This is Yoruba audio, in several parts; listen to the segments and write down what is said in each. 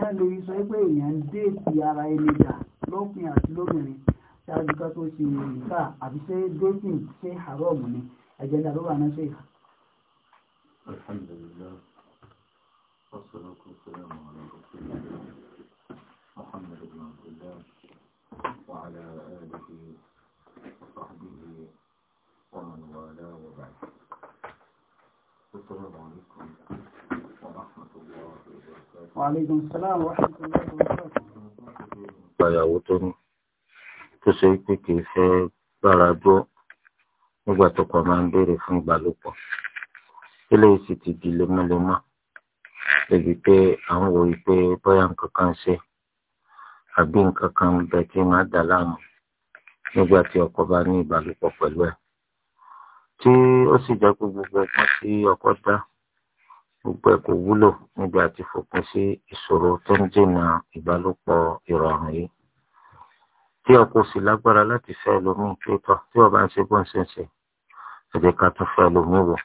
èèyàn lè sọ pé èèyàn déètì ara ẹni dà lọ́kùnrin àti lóbìnrin ṣáájú ká tó ṣe nìkà àbí ṣe déètì ṣe haram ni ẹ̀jẹ̀ ní àdúrà náà ṣe. alhamdulillah wassalatu wassalamu ala rasulillah muhammad ibn abdullah wa ala alihi wa sahbihi wa man wala wa ba'd. Ìyàwó tó ní tó ṣe pé kì í fẹ́ bára gbọ́ nígbà tọkọ máa ń béèrè fún ìbálòpọ̀. Eléyìí sì ti di lemọ́lemọ́. Ebi pé à ń wòye pé bóyá nǹkan kan ṣe àbí nǹkan kan bẹ tí máa dà láàmú nígbà tí ọkọ bá ní ìbálòpọ̀ pẹ̀lú ẹ̀. Tí ó sì jẹ́ pé gbogbo ọgbọ́n tí ọkọ dá gbogbo ẹ̀ kò wúlò níbi àti fòpin sí ìṣòro tó ń dènà ìbálòpọ̀ ìrọ̀rùn yìí tí ọkọ sì lágbára láti fẹ́ ẹlòmíì tó tọ́ tí ọba ń ṣe bọ́n ṣẹ̀ṣẹ̀ ẹ̀jẹ̀ ká tún fẹ́ ẹlòmíì wò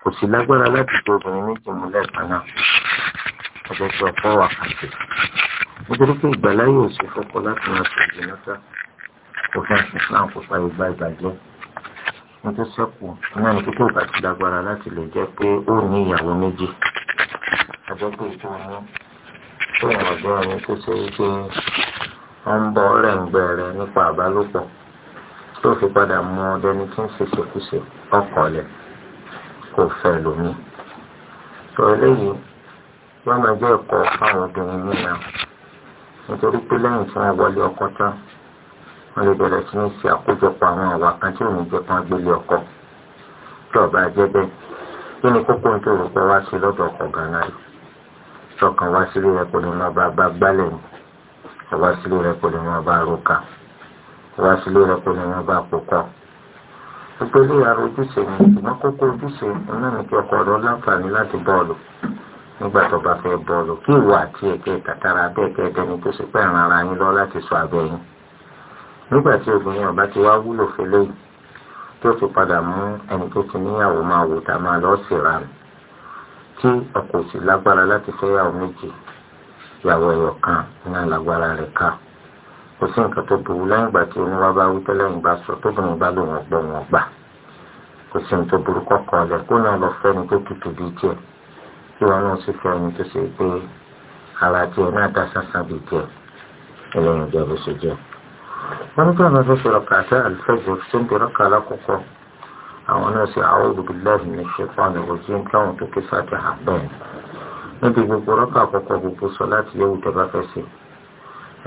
kò sì lágbára láti tó obìnrin méjì mú lẹ́ẹ̀kan náà ọjọ́ tí ọkọ wà kàṣẹ nítorí pé ìgbàláyè ò sí fọ́kọ láti máa ṣèjì náà òfin àti Islam kò ní tó sẹ́kù náà ní kíkẹ́ òbá ti dágbára láti lè jẹ́ pé ó ní ìyàwó méjì àjọ pé ìtò ní tó ìwọ̀n ọ̀dọ́ ni tó ṣe wípé wọ́n ń bọ́ rẹ̀ǹgbẹ́ rẹ nípa àbálòpọ̀ tó fi padà mú ọdẹ ní kí n ṣèṣekúṣe ọkọ̀ọ̀lẹ̀ kò fẹ́ lómi. sọ eléyìí wọ́n máa jẹ́ ẹ̀kọ́ fáwọn obìnrin nínú nítorí pé lẹ́yìn tí wọ́n wọlé ọkọ tán wọ́n lè bẹ̀rẹ̀ sí ní ṣe àkójọpọ̀ àwọn àwa kan tí òun jẹ́ kán gbélé ọkọ tí ọba jẹ́ bẹ́ẹ̀ kí ni kókó ń tó rò pé wá sí lọ́dọ̀ ọkọ gánà rẹ̀ sọ̀kan wá sílé rẹ̀ kò lè má bá bá gbálẹ̀ ni wá sílé rẹ̀ kò lè má bá roka wá sílé rẹ̀ kò lè má bá pòkọ́ gbogbo ilé ara ojúṣe ni ṣùgbọ́n kókó ojúṣe iná ní kí ọkọ rẹ̀ láǹfààní láti bọ́ọ̀lù nígbà tó bá fẹ́ bọ́ọ̀lù kí ìwọ àti ẹ̀kẹ́ tàtàrà bẹ́ẹ̀ kẹ́ ẹ̀dẹ́ni tó ṣe pẹ́ ìran yín lọ láti sọ abẹ́yìn nígbà tí obìnrin ọba ti wá wúlò fẹlẹ yìí tó ti padà mú ẹni tó ti níyàwó máa wò tá máa lọ sí ra rẹ̀ tí ọkọ sì lágbára láti fẹ́yàwó méjì ìyàwó ẹyọ kan iná lágbára rẹ̀ ká kò sí nǹkan tó burú lẹ́yìn ìgbà tí oníwà bá wí tẹ́lẹ̀ ìgbà sọ tóbìnrin bá lòun ọgbọ wọn gbà kò sí nǹkan tó burú kọkọ ọlẹ kó náà lọ fẹ́ni tó tutù bíi tiẹ̀ kí wọn náà sì fẹ́ ẹni tó ṣe pé ara tiẹ̀ náà dá sánsán bíi tiẹ̀ ẹlẹyìn ìjọba ṣe jẹ wọ́n ní kí àwọn fẹ́ ṣe rak'ata al-fajr tó ń bẹ rọ́kà alákọ̀ọ́kọ́ àwọn náà ṣe a'udhu billahi minash shaitani rajim káwọn tó ké Fatiha bẹ́ẹ̀ níbi gbogbo rọ́kà àkọ́kọ́ gbogbo sọ láti yẹ̀wù tó bá fẹ́ ṣe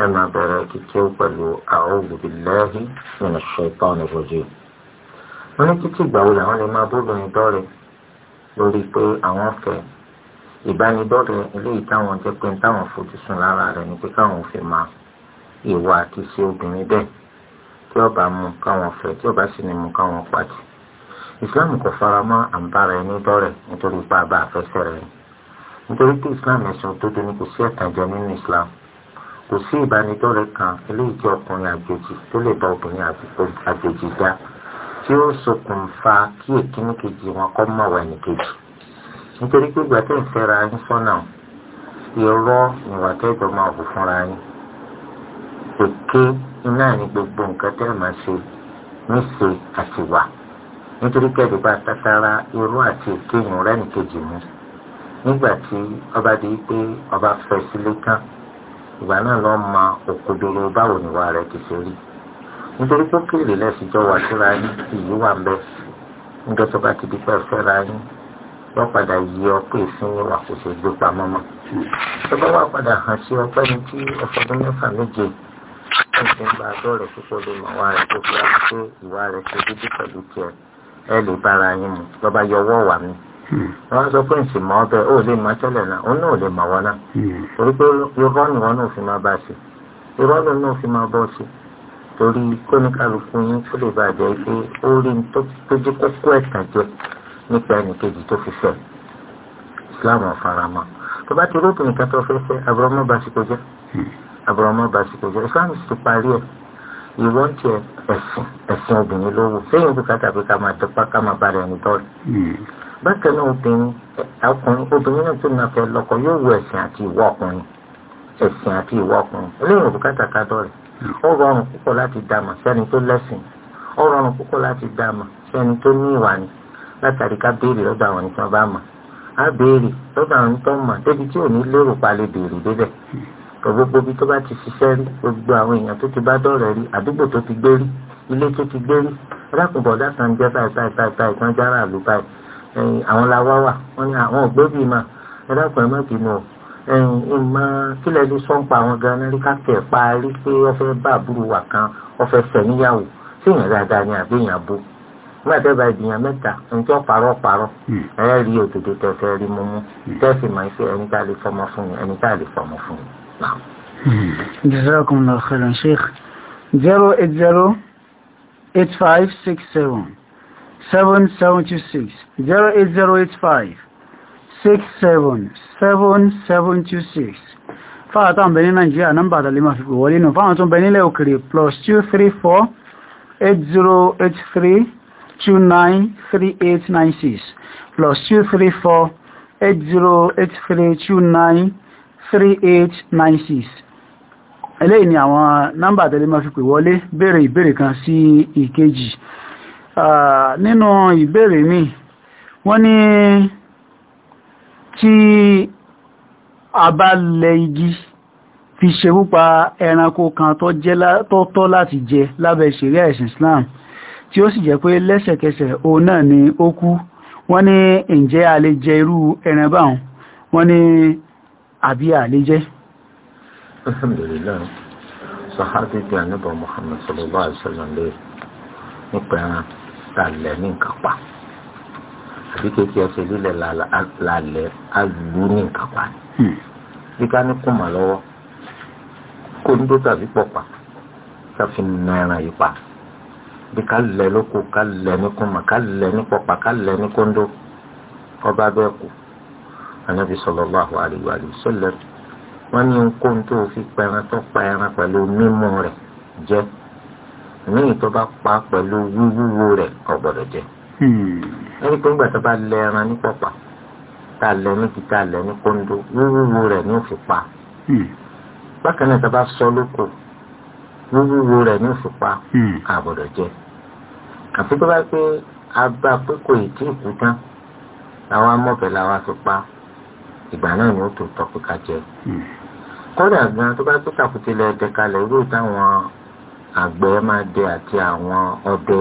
ẹ máa bẹ̀rẹ̀ kíkẹ́ pẹ̀lú a'udhu billahi minash shaitani rajim wọ́n ní títí ìgbà wo làwọn lè máa bóbìnrin dọ́rẹ̀ lórí pé àwọn fẹ́ ìbánidọ́rẹ̀ eléyìí táwọn jẹ́ pé táwọn fojú sùn lára rẹ̀ ni pé káwọn fi máa ìwà àti ṣe obìnrin bẹ́ẹ̀ tí ọba mú káwọn fẹ́ tí ọba sì ní mú káwọn pàtì ìsìláàmù kò fara mọ́ àǹbára ẹni dọ́rẹ̀ nítorí ipá bá àfẹ́sẹ̀ rẹ̀ nítorí pé ìsìláàmù ẹ̀sìn òdodo ni kò sí ẹ̀tànjẹ nínú ìsìláàmù kò sí ìbánidọ́rẹ̀ẹ́ kan eléyìí tí ọkùnrin àjòjì tó lè bá obìnrin àjòjì dá tí ó ṣokùnfà kí èkíní kejì wọn kọ́ mọ̀ wá ẹnìkejì nítorí pé ìgbà tẹ́ yín sọ́nà irọ́ ìwà tẹ́jọ́ máa hù fúnra yín èké iná ni gbogbo nǹkan tẹ́ máa ṣe níṣe àtiwà nítorí kẹ́ẹ̀dùn bá tatara irú àti ìkéyìn rẹ́nì kejì mi nígbà tí ọba di pé ọba fẹ́ sílé tán ìgbà náà lọ́ ma òkodoro báwo nìwà rẹ̀ ti ṣe rí nítorí pé kéèrè lẹ́sìjọ́ wà síra yín ìyí wà ń bẹ níjọ́ tó bá ti di pé fẹ́ra yín wọ́n padà yí ọ pé ìsín wà kò ṣe gbé pamọ́ mọ́ tó bá wà padà hàn sí ọpẹ́ ní tí ọ̀fọ̀dún mẹ́fà méje ẹsẹ̀ ń gba àgọ́ rẹ̀ púpọ̀ lè mọ̀ wá rẹ̀ tó fi hàn pé ìwà rẹ̀ ṣe dídí pẹ̀lú tiẹ̀ ẹ lè bára yín mu lọ́ba yọwọ́ wà mí wọ́n sọ pé ǹsì mọ́ ọbẹ̀ ó lè mọ́ tẹ́lẹ̀ náà òun náà lè mọ̀ wọ́n náà torí pé irọ́ ni wọ́n náà fi máa bá ṣe irọ́ ló náà fi máa bọ́ ṣe torí kóníkàlùkù yín tó lè bàjẹ́ pé ó rí tó jẹ́ kókó ẹ̀tàn jẹ nípa ẹnìkejì tó fi fẹ́ Islam ọ̀faramọ́ tó bá ti róbìnrin kan tó fẹ́ fẹ́ abúrọ́mọ́ bá ṣe kọjá àbúrọ̀mọ́ bá ti kẹjọ islam ti parí ẹ̀ ìwọ ń tiẹ̀ ẹ̀sìn ẹ̀sìn obìnrin ló wù fẹ́yìn òkú kàtà pé ká máa dọ́pá ká máa bára ẹni tọ́lù. Hmm. bákan náà obìnrin ọkùnrin obìnrin náà tó ní afẹ́ lọ́kọ yóò wù ẹ̀sìn àti ìwọ ọkùnrin ẹ̀sìn àti ìwọ ọkùnrin lẹ́yìn òkú kàtà ká dọ́ọ̀lù. Hmm. ó rọrùn púpọ̀ láti dàmọ̀ sẹ́ni tó lẹ́sìn ó rọrùn púpọ̀ láti dàmọ̀ sẹ́ni tó ní ìwà ni látàrí ká béèrè lọ́dọ̀ àwọn nìkan bá mọ̀ á béèrè lọ́dọ̀ àwọn nìkan mọ̀ débi tí ò ní lérò palẹ̀ béèrè débẹ̀ gbogbo ibi tó bá ti ṣiṣẹ́ rí gbogbo àwọn èèyàn tó ti bá dọ̀rẹ́ rí àdúgbò tó ti gbé rí ilé tó ti gbé rí rákùnbọ̀ dáta ń jẹ́ báyìí báyìí báyìí báyìí wọ́n jára àlù báyìí àwọn làwa wà wọ́n ní àwọn ògbé bíi mà ẹ̀dàpọ̀ ẹ̀mọ́ ìbínú ìmọ̀ kílẹ̀ ló sọ ń pa àwọn gan ní káfíẹ̀ parí pé wọ́n fẹ́ bá àbúrò wà kan wọ́n fẹ́ fẹ́ níyàwó sí èèyàn dáadáa ni àbí èèyàn bó nígbà tẹ́ bá ìdìyàn mẹ́ta ẹni tó parọ́ parọ́ hmm. rí òdòdó tẹ̀fẹ́ rí mú mú máa ń ṣe ẹni tá a lè fọmọ fún mi ẹni tá a lè fọmọ fún mi. جزاكم hmm. الله Sheikh شيخ. 08085677726. 7726 08085 677726 fáwọn tó ń bẹ ní Nàìjíríà nọ́mbà àtàlẹ́ fi wọlé nù fáwọn tó ń bẹ òkèrè plus 234 8083 293896 plus 234 8083 293896 3896 eléyìí ni àwọn nọ́mbà tẹ́lẹ̀ máa fi pè wọlé béèrè ìbéèrè kan sí ìkejì nínú ìbéèrè mi wọ́n ní tí a bá lẹ igi fi ṣe púpa ẹranko kan tó láti jẹ lábẹ́ ṣẹ̀ríà ẹ̀sìn Islam tí ó sì jẹ́ pé lẹ́sẹ̀kẹsẹ̀ òun náà ni ó kú wọ́n ní ǹjẹ́ a jẹ irú ẹran báhùn wọ́n ní àbí àlè jẹ́. alhamdulilayi sahabi bi anabi muhammad sallallahu alaihi wasallam lè nípa ẹran lálẹ́ ní nǹkan pa àbí kékeré ẹsẹ̀ lílẹ̀ lálẹ́ alù ní nǹkan pa ni hmm. bí ká ní kùmà lọ́wọ́ kó ń dó tàbí pọ̀ pa ká fi na ẹran yìí pa bí ká lẹ lóko ká lẹ ní kùmà ká lẹ ní pọ̀ pa ká lẹ ní kóńdó ọba bẹ́ẹ̀ kù anabi sallallahu alaihi wa sallam wọ́n ní nkóhun tó fi pẹran tó pa ẹran pẹ̀lú mímú rẹ̀ jẹ míì tó bá pa pẹ̀lú wíwúwo rẹ̀ ọ̀gbọ́dọ̀ jẹ. Hmm. ẹni pé ńgbà tó bá lẹ ẹran ní pọ̀pà tá a lẹ ní kíkà lẹ ní kóńdó wíwúwo rẹ̀ ní òfin pa. Hmm. bákan náà tó bá sọ lóko wíwúwo rẹ̀ ní òfin pa àgbọ́dọ̀ hmm. jẹ. àfi tó bá pé a bá pé kò ì tí ì kú tán làwọn amọ̀bẹ̀ làwọn fi pa ìgbà náà ni ó tó tọ́ pé ká jẹ. kódà gan tó bá tó tàkùtì lọ dẹ kalẹ̀ irú táwọn àgbẹ̀ máa dẹ àti àwọn ọdẹ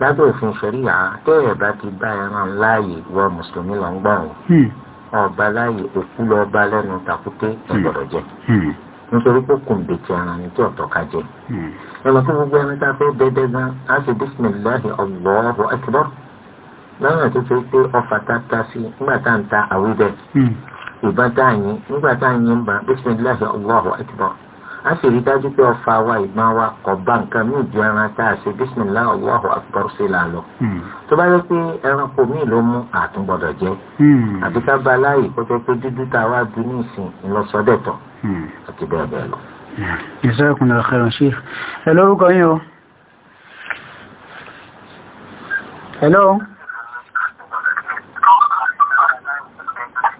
lábẹ́ òfin ṣẹ̀ríyà tẹ́yẹ̀ bá ti bá ẹran láàyè wọ mùsùlùmí lọ ń gbà wọ́n ọba láàyè òkú lọ bá lẹ́nu tàkúté ẹ̀gbọ́dọ̀ jẹ nítorí pé kùnbètì ara ni tí ọ̀tọ̀ ká jẹ ẹ̀rọ tó gbogbo ẹni tá a fẹ́ dẹ́dẹ́ gan á sì bísímìláhì lọ́nà tó ṣe pé ọfà tá a ta sí nígbà tá à ń ta àwíbẹ̀ hmm. ìbá tá a yín nígbà tá a yín ń bá bisimilahi allahu akbar a sì rí dájú pé ọfà wa ìbá wa kò bá nǹkan mí ìdí ẹran tá a ṣe bisimilahi allahu akbar sí là lọ. Hmm. tó bá yẹ pé ẹranko míì ló mú àtúngbọ̀dọ̀ jẹ́ hmm. àti ká bá láàyè kó tó pé dúdú tá a wá bí ní ìsìn ìlọsọdẹ̀tọ̀ àti bẹ́ẹ̀ bẹ́ẹ̀ lọ. hello.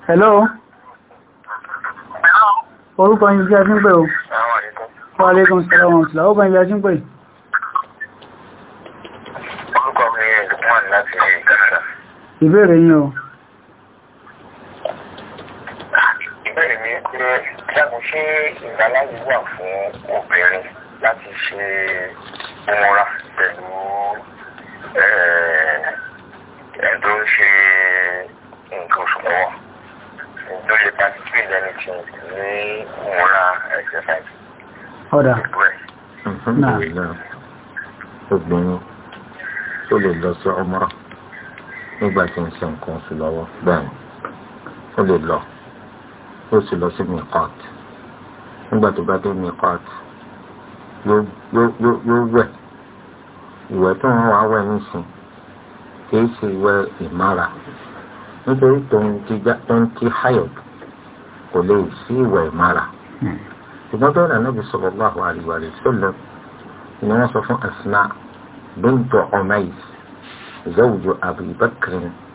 hello orúkọ yìí jẹ́ tí ń pè o wà lẹ́kùn sọ́lọ́wọ́n sílá ó kàn yìí jẹ́ tí ń pè orúkọ yìí o ìbéèrè mi pé jágun ṣe ìgbàláyé wà fún obìnrin láti ṣe múra pẹ̀lú eh, ẹ̀ẹ́dọ́ ṣe nǹkan oṣù ló lè bá tí ìlú ẹni tí ní ìwúra ẹ̀jẹ̀ báyìí. ọ̀dà obìnrin tó lè lọ sí ọmọ nígbà tí ń ṣe nǹkan oṣù lọ́wọ́ bẹ́ẹ̀ ó lè lọ ó sì lọ sí miqat nígbà tó bá dé miqat yóò wẹ̀ ìwẹ̀ tó ń wá wẹ̀ nísìn kì í ṣe ìwẹ̀ ìmára. nítorí tòun ti hayop kò lè sí ìwẹ̀ ìmára ṣùgbọ́n bẹ́ẹ̀ nànàbì sallallahu alaihi wa sallam ni wọ́n sọ fún Asma bint Umays zawj Abi Bakr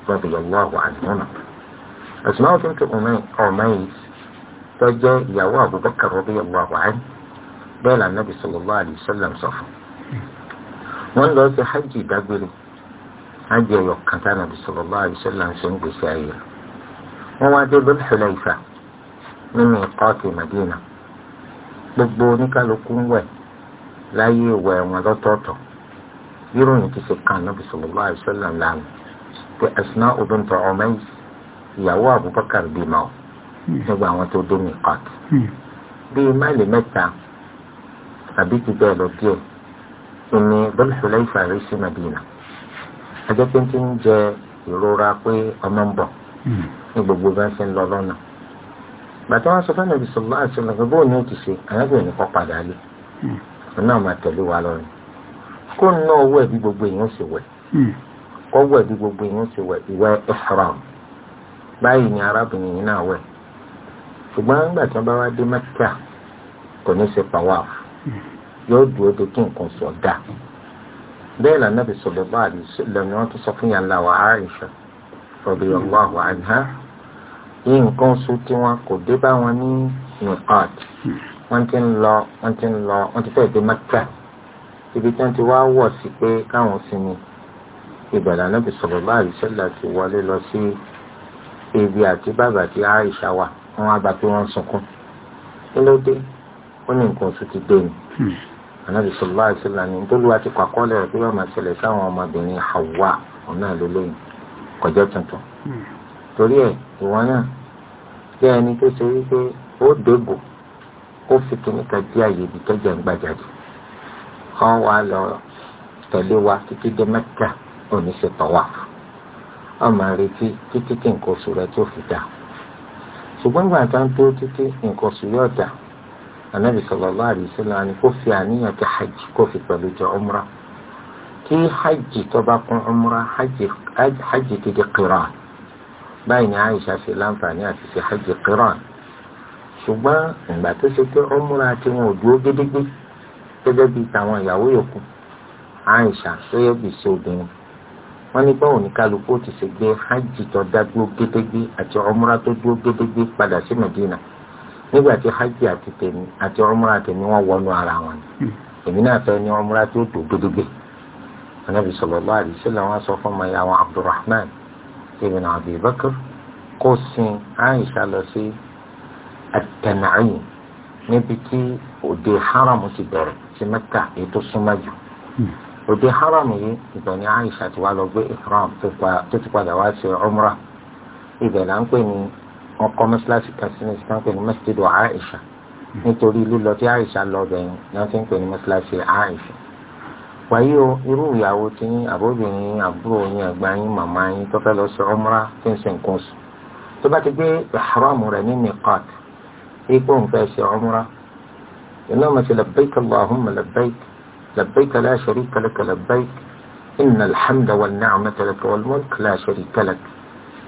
radiyallahu anhuma Asma bint Umays tó jẹ́ ìyàwó Abubakar radiyallahu anhu bẹ́ẹ̀ nànàbì sallallahu alaihi wa sallam sọ fún wọ́n lọ sí hajj dágbére ájì ọ̀yọ̀ kan tá nàbì sallallahu alaihi wasallam ṣe ń gbèsè ayé rẹ̀ wọ́n wá dé Dhul Hulayfa nínú ìkọ́ọ̀tì Madina gbogbo oníkálukú ń wẹ̀ láyé ìwẹ̀ wọn lọ́tọ̀ọ̀tọ̀ yíròyìn ti ṣe kan nàbì sallallahu alaihi wasallam lánàá pé Asma'u bint Umays ìyàwó Abubakar bímọ nígbà àwọn tó dé mìkọ́t bíi máìlì mẹ́ta àbí ti bẹ́ẹ̀ lọ díẹ̀ ìní Dhul Hulayfa rí sí Madina ajẹ́ pé ti ń jẹ ìrora pé ọmọ ń bọ̀ hmm. ní gbogbo bá ń ṣe ń lọ lọ́nà bàtà wọn sọ fún ẹnìyàn sọlá àti ọ̀nà gbogbo òní òtù sí àyàgbé òní kọ́ padà lé hmm. òun náà máa tẹ̀lé wa lọ́rùn kó ń ná owó ẹ̀bí gbogbo èèyàn sì wẹ̀ hmm. kó ẹ̀bí gbogbo èèyàn sì wẹ̀ ìwẹ̀ ihram báyìí ni arábìnrin yìí náà wẹ̀ ṣùgbọ́n nígbà tí wọ́n bá wá dé Mẹ́kà kò ní ṣe pàwọ́ yóò dúró de kí nǹkan sọ̀ dáa bẹ́ẹ̀ lànà bí sọ̀lọ́bà àdìsílẹ̀ ni wọ́n tún sọ fún yàrá wa Aisha radiyallahu anha yìí nǹkan oṣù tí wọn kò dé bá wọn ní nìkan wọ́n ti ń lọ wọ́n ti ń lọ wọ́n ti fẹ́ẹ̀ dé Mẹ́kà ibi tí wọ́n ti wá wọ̀ sí pé káwọn sinmi ìgbà lànà bí sọ̀lọ́bà àdìsílẹ̀ ti wọlé lọ sí ibi àti bàbà tí Aisha wà wọ́n á pé wọ́n sunkún kí ó ní nǹkan oṣù ti dé ni. Hmm anabi sọlá àṣìlá ni ntọ́lùwà ti kọ́kọ́lẹ̀ rẹ̀ pé wọ́n máa ṣẹlẹ̀ sáwọn ọmọbìnrin hawa òun náà ló lóyún kọjá tuntun hmm. torí ẹ̀ ìwọ náà jẹ́ ẹni tó ṣe wípé ó dégò ó fi kìnnìkan dí àyè ibi tọ́jà ń gbàjáde kọ́ wa lọ tẹ̀lé wa títí dé mẹ́ta òní ṣe tọ́wà ọmọ retí títí tí nǹkan oṣù rẹ̀ tó fi dà ṣùgbọ́n gbàtà ń tó títí nǹkan oṣù yóò dà anabi sallallahu alaihi wasallam ni kó fi àníyàn kí hajj kó fi pẹ̀lú jọ umra kí hajj tó bá kún umra hajj ti di qiran báyìí ni aisha fi láǹfààní àti ṣe hajj qiran ṣùgbọ́n ìgbà tó ṣe pé umra tí wọn ò dúró gédégbé gẹ́gẹ́ bíi tàwọn ìyàwó yòókù aisha tó yẹ bí ṣe obìnrin wọn ní báwo ní kálukú ti ṣe gbé hajj tó dá dúró gédégbé àti umra tó dúró gédégbé padà sí medina. Si nígbà tí hajj àti tèmi àti umrah tèmi wọ́n wọnú ara wọn ni hmm. èmi náà fẹ́ ní umrah tí ó tó gbódógbé anabi sallallahu alaihi wasallam wọ́n sọ fún ọmọ ìyá wọn abdulrahman ibn abi bakr kó sin aisha lọ sí at-tan'im níbi tí òde haram ti bẹ̀rẹ̀ sí mẹ́kà èyí tó súnmọ́ jù hmm. òde haram yìí ìbẹ̀ ni aisha ti wá lọ gbé ihram tó ti padà wá sí umrah ibẹ̀ là ń pè ní wọ́n kọ́ mọ́ṣáláṣí kan sí ní sàn pé ní masjid wa Aisha nítorí lílọ tí Aisha lọ bẹ̀yìn ni wọ́n ti ń pè ní mọ́ṣáláṣí Aisha wàyí o irú ìyàwó ti ní àbóbìnrin àbúrò yín àgbà yín màmá yín tó fẹ́ lọ sí ọmọra tí ń ṣe nǹkan sùn tó bá ti gbé ìhàrámù rẹ̀ ní miqat ipò ń fẹ́ ṣe ọmọra iná ma ṣe labbaik allahumma labbaik labbaik la sharika laka labbaik inna alhamda wal ni'mata laka wal mulk la sharika laka.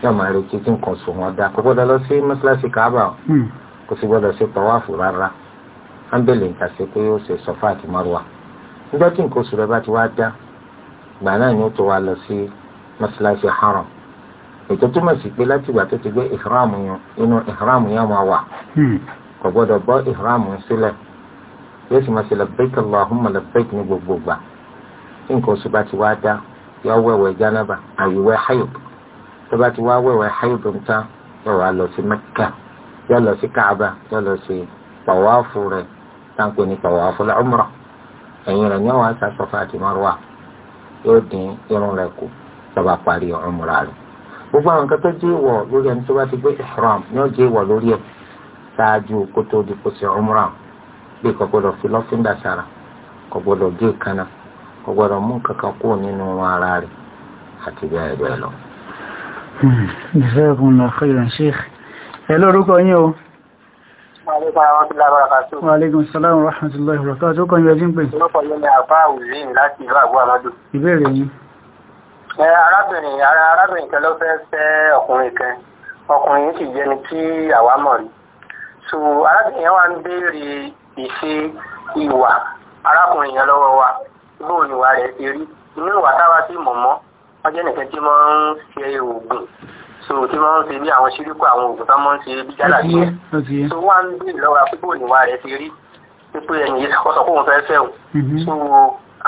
yóò máa retí tí nǹkan sùn wọn dá kò gbọ́dọ̀ lọ sí mọ́ṣáláṣí káàbà o hmm. kò sì gbọ́dọ̀ ṣe tọ́wáfù rárá ámbẹ́lì nǹkan ṣe pé ó ṣe sọ́fà àti mọ́rùwà nígbà tí nǹkan sùn rẹ bá ti wá dá gbà náà ni ó tó wá lọ sí mọ́ṣáláṣí haram ètò túmọ̀ sí pé láti ìgbà tó ti gbé ìhram yẹn inú ìhram yẹn máa wà hmm. kò gbọ́dọ̀ bọ́ ìhram sílẹ̀ yóò sì máa ṣe labbaik Allahumma labbaik ní gbogbo gbà tí nǹkan sùn bá ti wá dá yọ wẹ̀wẹ̀ jánábà àyíwẹ̀ hayop tó bá ti wá wẹ̀wẹ̀ haidun tán yóò wá lọ sí mẹ́kà yóò lọ sí káàbà yóò lọ sí pàwáfù rẹ̀ táǹpẹ̀ ní pàwáfù l'umra ẹ̀yìn rẹ̀ ní wàá sá sọ́fà àti márùwà yóò dín irun rẹ̀ kù tó bá parí umra rẹ̀ gbogbo àwọn nǹkan tó jẹ́ ìwọ̀ lórí ẹni tó bá ti gbé ihram ni ó jẹ́ lórí ẹ̀ ṣáájú kó di kó ṣe umra bí kò fi lọ́fíńdà sára kò gé ìkànnà kò mú kankan kúrò nínú ara rẹ̀ àti bẹ́ẹ̀ bẹ́ẹ̀ lọ. Ìfẹ́kùn lọ khairan Sheikh. Ẹ lórúkọ yín o. Wa alaikum salaam wa rahmatullahi wa barakatuh. Ó kàn yẹ jí ń pè. Lọ́pọ̀ yẹ́ ni àpá òwúrí láti ìlú àgbà lọ́dún. Ìbéèrè yín. Arábìnrin arábìnrin kan ló fẹ́ fẹ́ ọkùnrin kan. Ọkùnrin yìí sì jẹ́ni tí àwa mọ̀ rí. So arábìnrin yẹn wá ń béèrè ìṣe ìwà arákùnrin yẹn lọ́wọ́ wa. Bóòlù wa rẹ̀ ti rí. Inú ìwà táwa sí mọ̀mọ́ wọ́n jẹ́ nìkan tí wọ́n ń ṣe oògùn so tí wọ́n ń ṣe bí àwọn ṣíríkù àwọn oògùn tó máa ń ṣe bí jálà bí so wọ́n ń bí ìlọ́wà pípò níwà rẹ̀ ti rí pípò ẹ̀yìn yìí kọ́sọ̀ kóhun fẹ́ fẹ́ mhm. so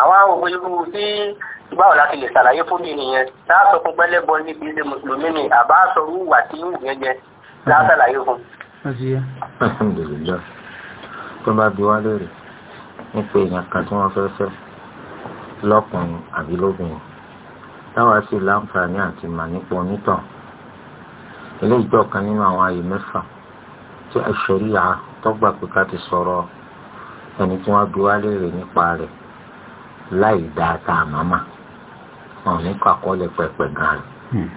àwọn oògùn irú tí báwo la ti lè ṣàlàyé fún mi nìyẹn láàṣọ fún pẹ́lẹ́bọ níbi ilé mùsùlùmí ni àbá aṣọ wúwà tí ń wù yẹn jẹ láṣàlàyé mhm. fún. tó bá bi wá lérè nípa èèyàn kan tí wọ́n fẹ́ fẹ́ lọ́kùnrin àbí lóbìnrin táwa sì láǹfààní àti mà nípa onítàn eléyìí jọ kan nínú àwọn àyè mẹ́fà tí àṣẹríyà pé ká ti sọ̀rọ̀ ẹni tí wọ́n bí wá léèrè nípa rẹ̀ láì dáa tá a màmá wọn ò ní gan hmm.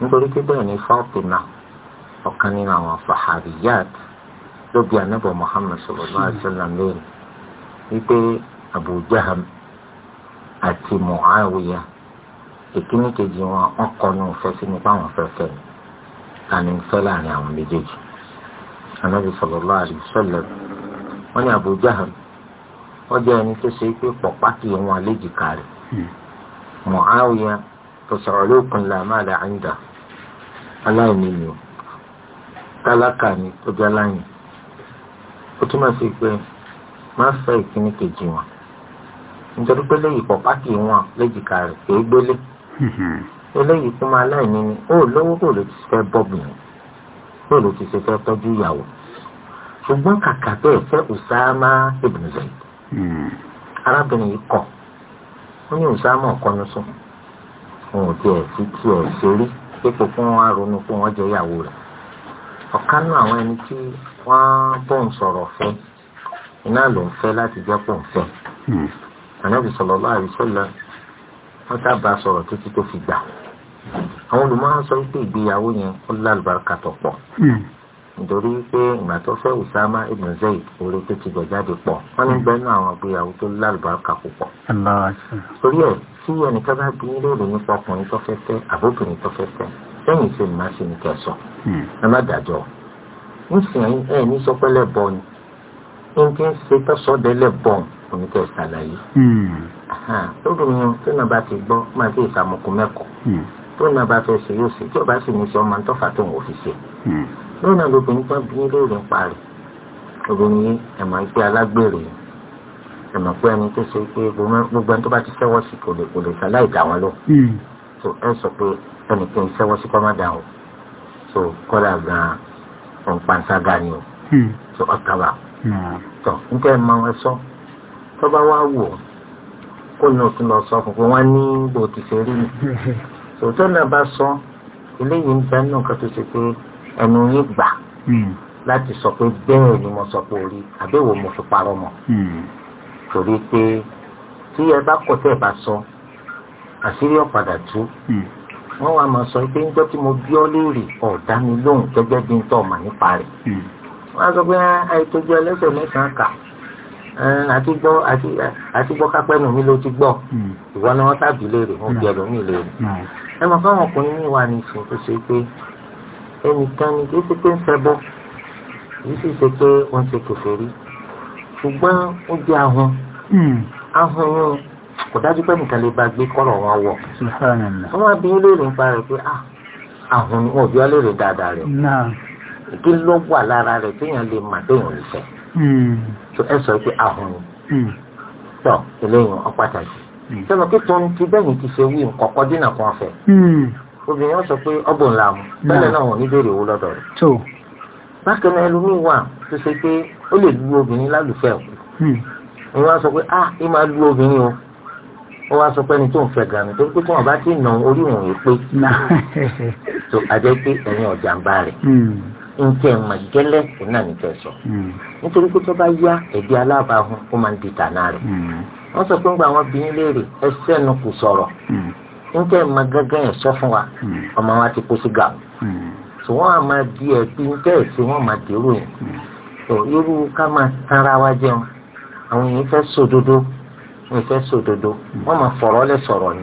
nítorí pé bẹ́ẹ̀ ni ọ̀kan nínú àwọn fàhàríyàt anábọ̀ Muhammad sallallahu lónìí wípé àti ìkíní kejì wọn wọn kọnu ìfẹ́ sí nípa àwọn fẹ́fẹ́ ni àní láàrin àwọn méjèèjì anábì wọn wọn jẹ́ ẹni tó ṣe pé wọn kárẹ̀ àǹdà hmm. aláìní ni tálákà ni tó jẹ́ láyìn ó túmọ̀ sí pé má fẹ́ ìkíní kejì wọn nítorí pé lẹ́yìn pọ̀pá wọn eléyìí tó máa láìní ni ó lówó kò lè ti fẹ́ bọ́ọ̀bù yẹn kò lè ti ṣe fẹ́ tọ́jú ìyàwó ṣùgbọ́n kàkà bẹ́ẹ̀ fẹ́ Usama ibn Zayd arábìnrin yìí kọ̀ ó ní Usama ọ̀kọ́nu sùn òun ò tiẹ̀ fi tiẹ̀ ṣeré pépò fún wọn ronú fún wọn jẹ ìyàwó rẹ̀ ọ̀kan náà àwọn ẹni tí wọ́n bọ̀ ń sọ̀rọ̀ fẹ́ iná ló ń fẹ́ láti jẹ́ pọ̀ ń fẹ́ hmm. ànábì sallallahu alaihi wasallam wọ́n sábà sọ̀rọ̀ títí tó fi gbà àwọn olùmọ̀ á sọ wípé ìgbéyàwó yẹn ó lálùbáríkà tó pọ̀ hmm. nítorí pé ìgbà tó fẹ́ Usama ibn Zayd orí tó ti gbẹ̀jáde pọ̀ wọ́n ní gbẹ́nu hmm. àwọn ìgbéyàwó tó lálùbáríkà púpọ̀ torí ẹ̀ tí ẹnìkan bá bí léèrè nípa ọkùnrin tó fẹ́ fẹ́ àbóbìnrin tó fẹ́ fẹ́ lẹ́yìn tí mo máa ṣe ní kẹsọ̀ hmm. ẹ má dájọ́ nísìnyí ẹ̀ ní sọpẹ́lẹ̀ bọ́ ni ní kí n ṣe tọ́sọ́dẹ́lẹ̀ bọ́ ni fún mi kẹ́ ẹ̀ ṣàlàyé. lóbìnrin hmm. tó náà bá ti gbọ́ máa bí ìtàmùkù mẹ́kọ̀ọ́ hmm. tó náà bá fẹ́ ṣe yóò ṣe tí ọba sì ní sọ ọmọ tọ́fà tó ń wò fi ṣe. lóun hmm. náà lóbìnrin tán bí lóòrùn parí obìnrin yìí ẹ̀ máa ń pẹ́ alágbèrè ẹ̀ máa pẹ́ ẹni tó ṣe pé gbogbo ẹni tó bá ti fẹ́wọ́ sí kò lè kò lè ṣàláì dà wọ́n lọ. so ẹ sọ pé ẹnìkan fẹ́wọ́ sí kọ́ má dà wọ́n so kọ́dà gan-an òǹpanṣágà ni o so ọ̀tàwà. tọ́ nígbà ẹ̀ máa ń sọ tó bá wá wò kó náà tún lọ sọ fún wọn ní bó ti ṣe rí mi tòótọ́ náà bá sọ eléyìí ń bẹ nù kan tó ṣe pé ẹnu yín gbà hmm. láti sọ pé bẹ́ẹ̀ ni mo sọ pé orí àbẹ̀wò mo fi parọ́ mọ́ hmm. torí pé tí ẹ bá kọ̀ tẹ́ ẹ bá sọ àṣírí ọ̀padà tú hmm. wọ́n wá máa sọ pé níjọ́ tí mo bí ọ léèrè ọ̀dá mi lóhùn gẹ́gẹ́ bí n tọ́ ọ̀mà nípa rẹ̀ wọ́n á sọ pé ah, àìtójú ẹlẹ́sẹ̀ mẹ́sàn-án kà àtúgbọ́ àtúgbọ́ kápẹ́nu mi ló ti gbọ́ hmm. ìwọ ni wọ́n tàbí léèrè wọ́n bí hmm. ẹlòmíì léèrè. Hmm. ẹ mọ̀ fáwọn ọkùnrin ní ìwà ni ìsìn tó ṣe pé ẹnìkan ni kí ṣe pé ń fẹ́ bọ́ yìí sì ṣe pé wọ́n ṣe kòfò rí ṣùgbọ́n ó jẹ́ ahun ahun yẹn kò dájú pé nìkan lè bá gbé kọ́rọ̀ wọn wọ̀. wọ́n máa bí léèrè nípa rẹ̀ pé ahun ni wọ́n bí wọ́n léèrè dáadáa rẹ̀ kí ló wà lára rẹ̀ téèyàn lè mà téèyàn lè fẹ́ tó ẹ sọ pé ahùn ni tó eléyìí ọ pàtàkì sọlọ hmm. pé tó ń ti bẹ́ẹ̀ ti ṣe wí kọ̀kọ́ dínà kan fẹ́ hmm. obìnrin wọn sọ pé ọgbọ̀n là mú bẹ́ẹ̀ náà wọn ní béèrè owó lọ́dọ̀ rẹ̀ bákan náà ẹlòmíín wà tó ṣe pé ó lè lu obìnrin lálùfẹ́ òkú ni hmm. sọ pé ah ẹ máa lu obìnrin o ó wá sọ pé ẹni tó ń fẹ́ gan ni tó pé tí wọ́n bá ti nà orí wọn ò pé tó àjẹ́ pé ẹ̀yin ọ̀jàǹbá rẹ̀ ntẹ mọ gẹ́lẹ́ kò náà nìkẹ sọ hmm. nítorí pé tó bá yá ẹbí alábàáhùn ó máa ń di tànà rẹ hmm. wọn sọ pé ń gba àwọn obìnrin léèrè ẹsẹ nu kò sọ̀rọ̀ hmm. ntẹ mọ gẹ́gẹ́ yẹn sọ fún wa ọmọ wa ti kó sí gà tí wọn á máa di ẹbí ntẹ ẹsẹ wọn máa dèrò yẹn tó irú ká máa tanra wa jẹun àwọn èèyàn fẹ́ sòdodo wọn fẹ́ sòdodo wọn máa fọ̀rọ̀ lẹ sọ̀rọ̀ ni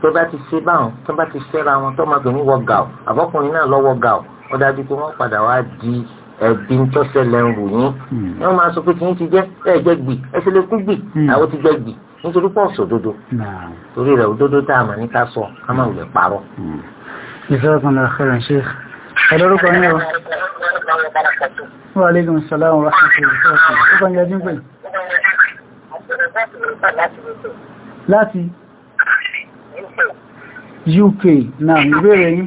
tó bá ti ṣe báwọn tó bá ti ṣẹra wọn tó máa gbẹ wọ gà ọ àbọkùnrin náà lọ wọ gà ọ wọ́n dájú pé wọ́n padà wá di ẹbí ń tọ́sẹ̀lẹ̀ ń rù yín hmm. wọ́n máa sọ pé kí n ti jẹ́ ẹ jẹ́ gbì ẹ ti lè kú gbì hmm. àwọn ti jẹ́ gbì nítorí pọ̀ sòdodo torí rẹ̀ òdodo tá a mọ̀ ní ká sọ ká má wulẹ̀ parọ́. ìfẹ́kùnlẹ̀ ọ̀kẹ́rẹ̀ ṣe ẹlọ́rúkọ ní ọ. wà lẹ́gùn sàlámù rákàtúntì láti UK náà ìbéèrè yín.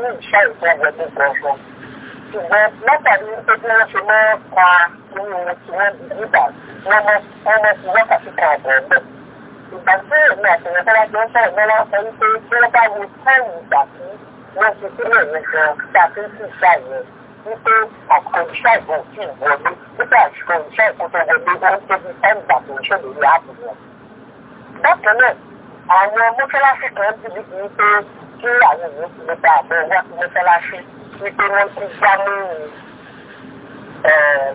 sí ìgbà tí èmi àti ìyẹn tọ́lá ń sọ̀rọ̀ mọ́ sọ wípé tí wọ́n bá wo táìmù ìgbà tí wọ́n ṣe sílẹ̀ yẹn gan tá a fi tí ì nígbà ìṣòro ìṣá ìbò tó wọlé ó ń tóbi táìmù ìgbà tó ń ṣòro lórí bákan náà àwọn mọ́ṣáláṣí kan ti di kì pé kí àwọn èèyàn ti lè gba àbọ̀ wá sí mọ́ṣáláṣí wípé wọ́n ti gbá lóyún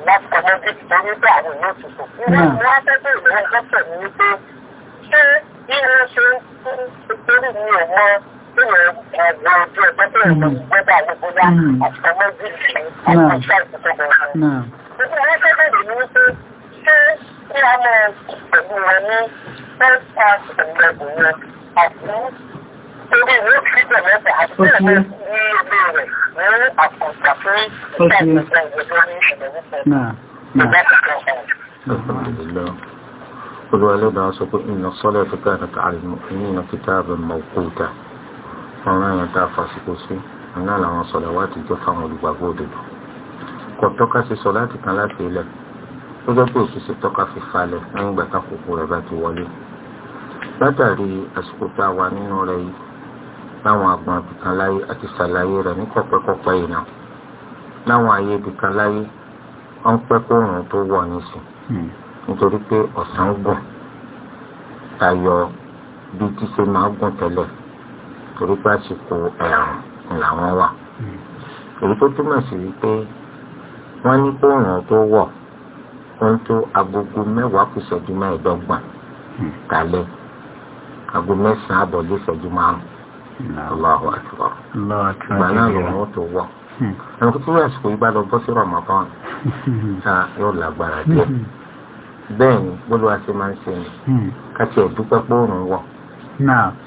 last commodity tó ní pé àwọn èèyàn ti sọ. Ìwé hmm. ìwé afẹ́fẹ́ ìwé ọgọ́fẹ̀ ni wípé ṣé bí wọ́n ṣe ń torí mi ò ìwé ọgbà ojú ẹgbẹ́ tó ń gbọ́dọ̀ àwọn bóyá hmm. Hmm. àti commodity àti ṣáìsì tó bọ̀ fún. Ìwé ìwé afẹ́fẹ́ ìwé ni wípé ṣé kí a mọ pẹ̀lú wọn ní first class ẹ̀gbẹ̀gbẹ̀ yẹn àti torí wọ́n fi bẹ̀rẹ̀ bẹ̀ àti ẹ̀rẹ́ ní ilé rẹ̀ ní àkọ̀gbà fún ìtàgbà ìgbẹ̀rẹ̀ ní ìṣẹ̀lẹ̀ wípé Olúwalẹ́bà sọ pé ìnà sọ́lẹ̀ fíkà àtàkà àrìmọ̀ ìnà kìtàbà mọ̀kúta ọ̀rọ̀ ẹ̀yàn tàà sí iná làwọn sọ̀lẹ̀ wá ti jọ fáwọn olùgbàgbọ́ òdòdó. Kọ̀ tọ́ka sí sọ láti kan láti ilẹ̀ tó jẹ́ pé òṣìṣẹ́ tọ́ka fi falẹ̀ nígbàtà rẹ̀ bá ti wọlé. Látàrí àsìkò tá a wà nínú rẹ̀ yìí láwọn agbọn ibìkan láyé àti sàlàyé rẹ ní kọ̀pẹ́kọ̀pẹ́ yìí náà láwọn ayé ibìkan láyé wọ́n ń kó òun tó nísìn hmm. nítorí pé ọ̀sán gùn tayọ bí tí máa gùn torí pé àsìkò ẹ̀rùn làwọn wà hmm. èyí tó túmọ̀ sí wípé ní tó ohun tó agogo mẹ́wàá kálẹ̀ hmm. mẹ́sàn-án Allahu akbar gbà náà lọ wọ́n hmm. tó wọ́ ẹni kò túnbọ̀ àsìkò yìí bá lọ bọ́ sí Ramadan ta yóò lágbára díẹ̀ hmm. bẹ́ẹ̀ ni gbọ́dọ̀ àti máa ń ṣe ni hmm. káti ẹ̀ dúpẹ́ pọ́ọ̀rùn wọ̀